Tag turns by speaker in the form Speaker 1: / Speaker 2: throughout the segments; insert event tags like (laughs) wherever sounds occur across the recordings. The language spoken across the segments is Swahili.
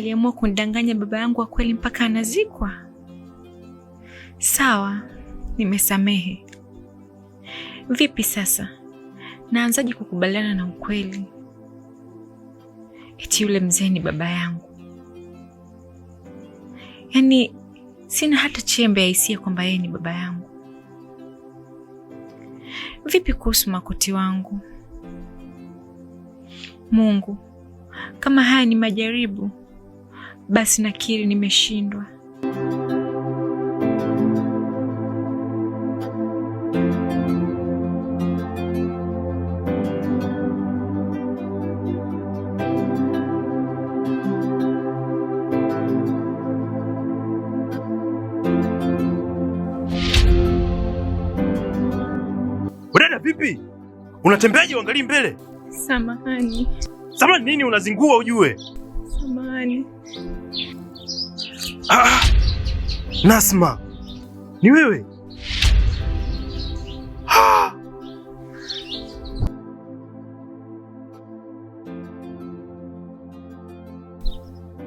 Speaker 1: aliamua kundanganya baba yangu wa kweli mpaka anazikwa? Sawa, nimesamehe. Vipi sasa, naanzaje kukubaliana na ukweli eti yule mzee ni baba yangu? Yaani sina hata chembe ya hisia kwamba yeye ni baba yangu. Vipi kuhusu makoti wangu? Mungu, kama haya ni majaribu, basi nakiri nimeshindwa. Udada vipi? Unatembeaje? uangalii mbele.
Speaker 2: Samahani.
Speaker 1: Samahani nini? Unazingua ujue Ah, Nasma, ni wewe? Ah.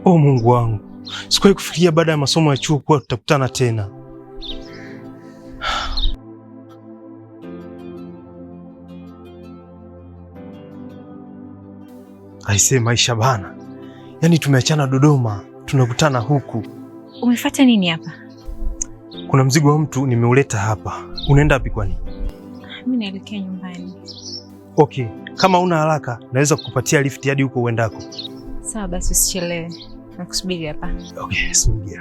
Speaker 1: O Mungu wangu, sikuwahi kufikiria baada ya masomo ya chuo kuwa tutakutana tena. (sighs) Aisee, maisha bana, yaani tumeachana Dodoma, tunakutana huku.
Speaker 2: Umefata nini hapa?
Speaker 1: Kuna mzigo wa mtu nimeuleta hapa. Unaenda wapi kwani?
Speaker 2: Mimi naelekea nyumbani.
Speaker 1: Okay, kama una haraka naweza kukupatia lifti hadi huko uendako.
Speaker 2: Sawa basi, usichelewe. Nakusubiri hapa.
Speaker 1: Okay, subiri.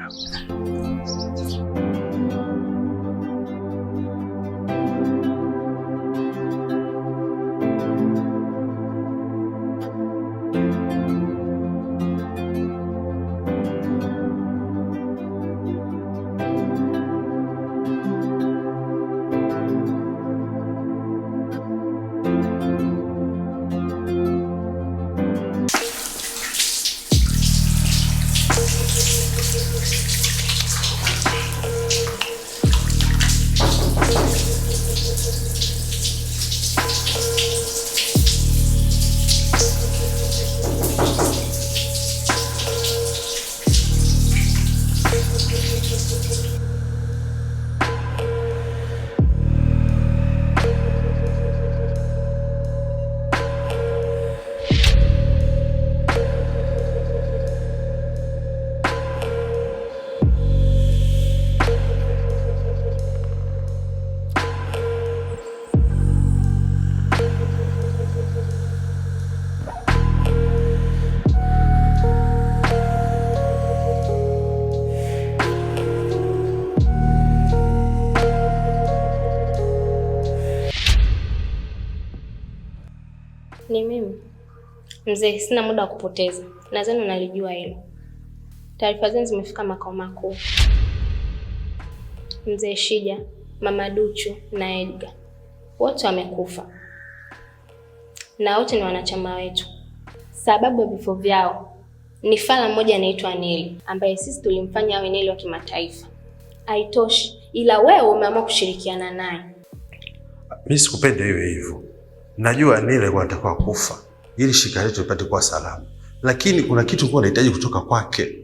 Speaker 3: Ni mimi mzee, sina muda wa kupoteza. Nadhani unalijua hilo. Taarifa zenu zimefika makao makuu. Mzee Shija, mama Duchu na Edgar wote wamekufa na wote ni wanachama wetu. Sababu ya vifo vyao ni fala mmoja anaitwa Neli ambaye sisi tulimfanya awe Neli wa kimataifa. Haitoshi, ila wewe umeamua kushirikiana naye.
Speaker 4: Mimi sikupenda iwe hivyo najua nile wanatakiwa kufa ili shirika letu lipate kuwa salama, lakini kuna kitu kwa nahitaji kutoka kwake.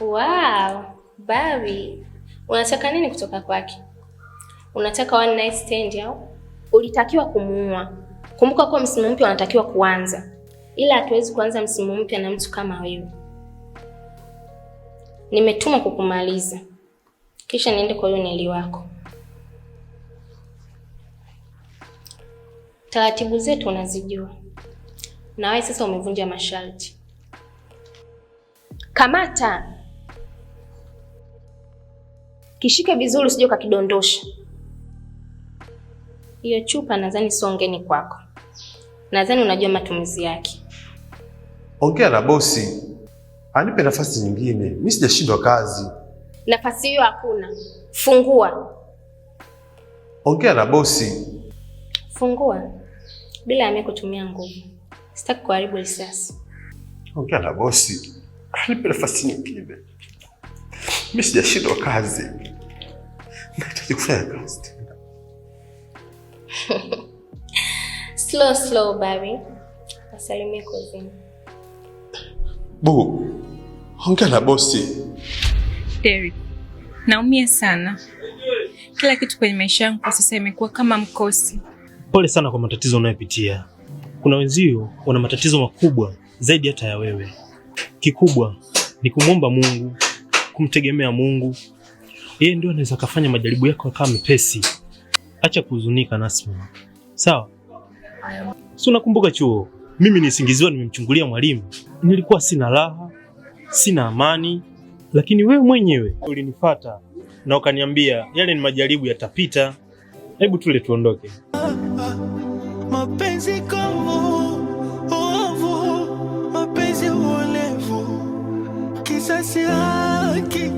Speaker 3: Wow, babi, unataka nini kutoka kwake? Unataka one night stand au? Ulitakiwa kumuua. Kumbuka kuwa msimu mpya unatakiwa kuanza, ila hatuwezi kuanza msimu mpya na mtu kama wewe. Nimetuma kukumaliza, kisha niende kwa yule neli wako. Taratibu zetu unazijua, na wewe sasa umevunja masharti. Kamata kishike vizuri, usije ukakidondosha. Hiyo chupa nadhani sio ngeni kwako, nadhani unajua matumizi yake.
Speaker 4: Ongea na bosi anipe nafasi nyingine, mi sijashindwa kazi.
Speaker 3: Nafasi hiyo hakuna, fungua.
Speaker 4: Ongea na bosi,
Speaker 3: fungua bila ya mimi kutumia nguvu. Sitaki kuharibu risasi.
Speaker 4: Ongea na bosi. Nipe nafasi nyingine. Mimi sijashindwa kazi. Nahitaji kufanya kazi tena.
Speaker 3: (laughs) Slow slow baby. Wasalimie kuzini.
Speaker 4: Bu, ongea na bosi.
Speaker 2: Derrick, naumia sana. Kila kitu kwenye maisha yangu kwa sasa imekuwa kama mkosi.
Speaker 5: Pole sana kwa matatizo unayopitia. Kuna wenzio wana matatizo makubwa zaidi hata ya wewe. Kikubwa ni kumwomba Mungu, kumtegemea Mungu. Yeye ndio anaweza kufanya majaribu yako yakawa mepesi. Acha kuhuzunika, Nasma. Sawa? Si unakumbuka chuo, mimi nisingiziwa nimemchungulia mwalimu, nilikuwa sina raha, sina amani, lakini wewe mwenyewe ulinifuata na ukaniambia yale ni majaribu, yatapita. Hebu tule tuondoke mapenzi kovu ovu, mapenzi uolevu, kisasi haki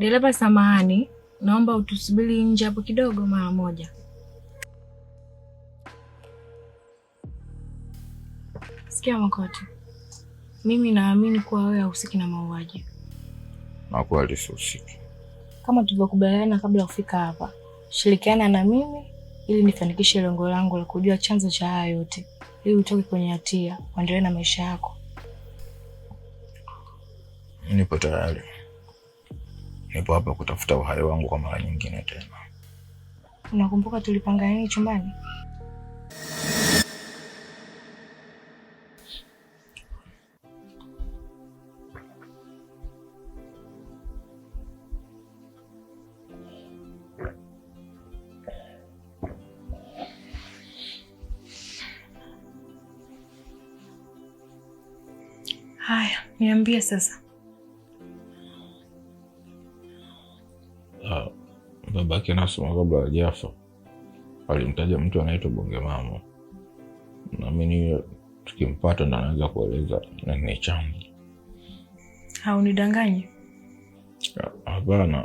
Speaker 2: Dereva samahani, naomba utusubiri nje hapo kidogo mara moja. Sikia Makoti, mimi naamini kuwa wewe hahusiki na mauaji.
Speaker 6: Na kweli sihusiki.
Speaker 2: Kama tulivyokubaliana kabla kufika hapa, shirikiana na mimi ili nifanikishe lengo langu la kujua chanzo cha haya yote, ili utoke kwenye hatia, uendelee na maisha yako.
Speaker 6: Nipo tayari nipo hapa kutafuta uhai wangu kwa mara nyingine tena.
Speaker 2: Unakumbuka tulipanga nini chumbani? Haya, niambie sasa.
Speaker 6: yake Nasma kabla hajafa alimtaja mtu anaitwa Bonge mama Naamini tukimpata ndo anaweza kueleza nani chanzo.
Speaker 2: Haunidanganyi?
Speaker 6: Hapana,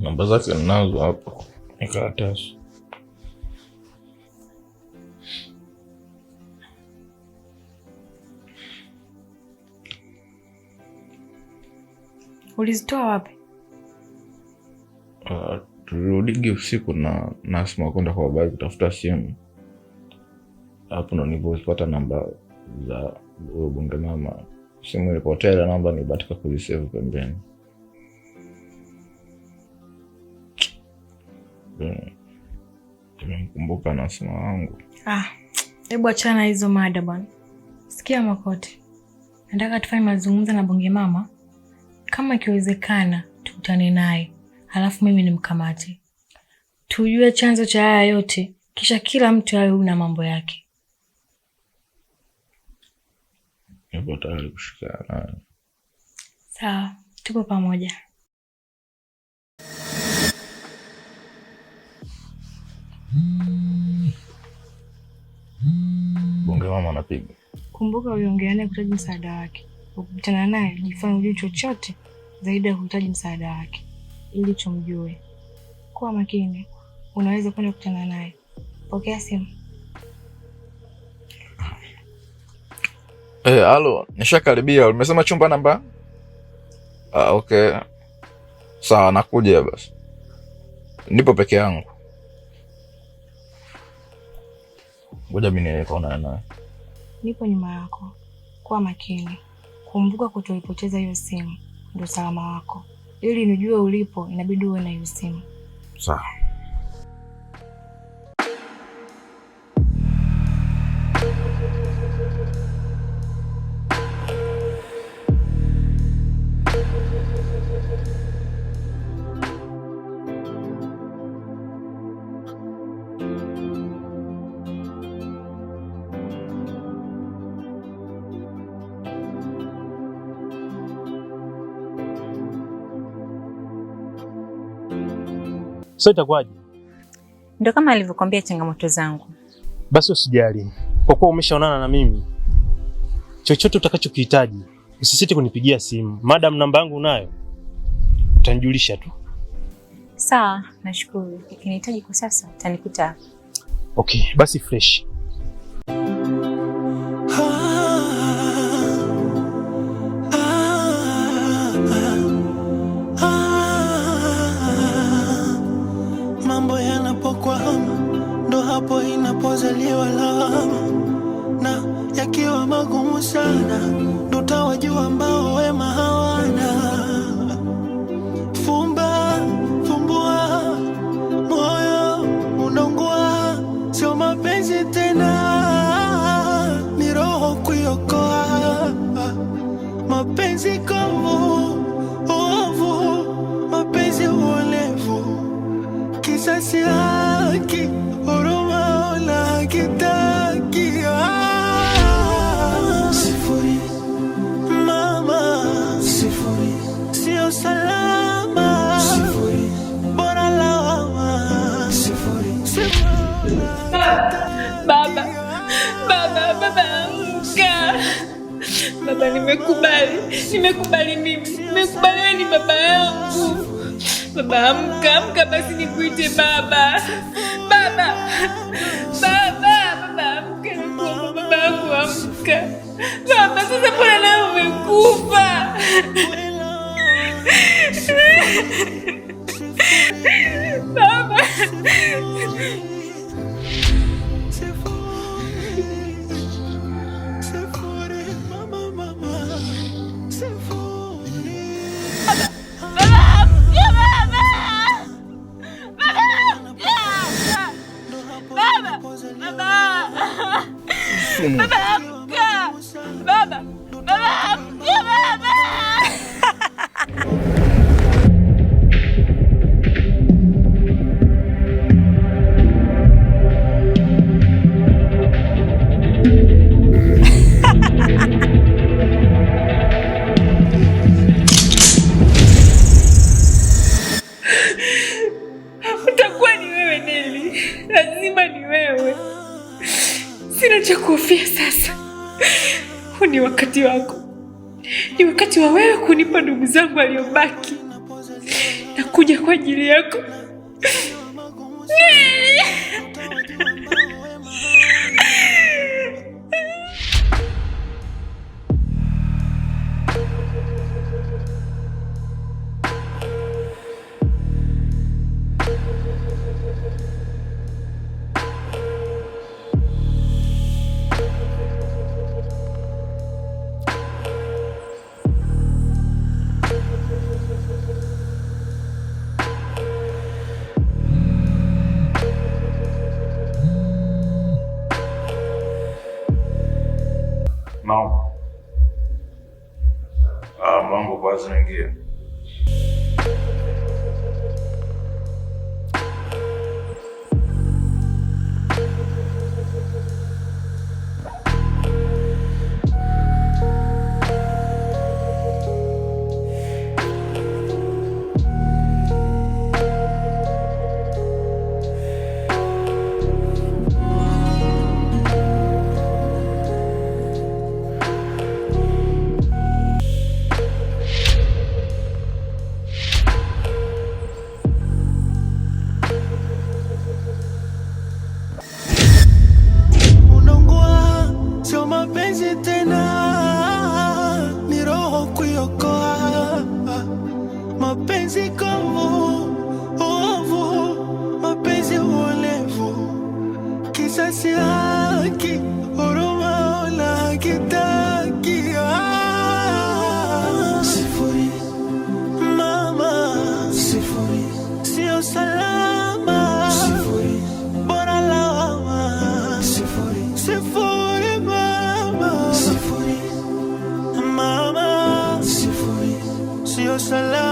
Speaker 6: namba zake ninazo hapo, ni karatasi.
Speaker 2: Ulizitoa wapi?
Speaker 6: uh, usiku na Nasma kwenda kwa babai kutafuta simu. Hapo ndo nilipozipata namba za huyo bonge mama. Simu ilipotea, ila namba nilibahatika kuzisevu pembeni. Eh, nimemkumbuka nasima wangu.
Speaker 2: Ah, hebu achana hizo mada bwana. Sikia Makoti, nataka tufanye mazungumzo na bonge mama, kama ikiwezekana tukutane naye halafu mimi nimkamate. Tujue chanzo cha haya yote, kisha kila mtu awe una mambo yake.
Speaker 6: Nipo tayari kushikana
Speaker 2: Sawa, tuko pamoja.
Speaker 6: Bonge mama anapiga.
Speaker 2: Kumbuka uiongeane kuhitaji msaada wake, ukikutana naye jifanya ujui chochote zaidi ya kuhitaji msaada wake ili tumjue. Kuwa makini, unaweza kwenda kukutana naye. Pokea simu.
Speaker 6: Hey, eh, alo, nishakaribia. Umesema chumba namba? Ah, okay. Sawa, nakuja basi. Nipo peke yangu. Ngoja mimi niende naye.
Speaker 2: Nipo nyuma yako. Kuwa makini, kumbuka kutoipoteza hiyo simu, ndio salama wako ili nijue ulipo, inabidi uwe na hiyo simu.
Speaker 6: Sawa.
Speaker 7: So itakuwaje?
Speaker 8: Ndio kama alivyokuambia changamoto zangu.
Speaker 7: Basi usijali, kwa kuwa umeshaonana na mimi, chochote utakachokihitaji usisite kunipigia simu. Madam, namba yangu unayo, utanijulisha tu.
Speaker 8: Sawa, nashukuru. Ukinihitaji kwa sasa utanikuta.
Speaker 7: Okay, basi fresh. kuzaliwa lawama, na yakiwa magumu sana, ndo utawajua ambao wema hawa
Speaker 2: nimekubali, nimekubali mimi, nimekubali ni baba yangu. Baba amka, amka basi nikuite baba, baba, baba, baba amka, baba yangu amka, baba. Sasa mbona nawe umekufa? huu ni wakati wako, ni wakati wa wewe kunipa ndugu zangu aliyobaki na kuja kwa ajili yako
Speaker 6: tena, ni roho kuiokoa,
Speaker 9: mapenzi kavu, ovu, mapenzi uolevu, kisasia Jerusalem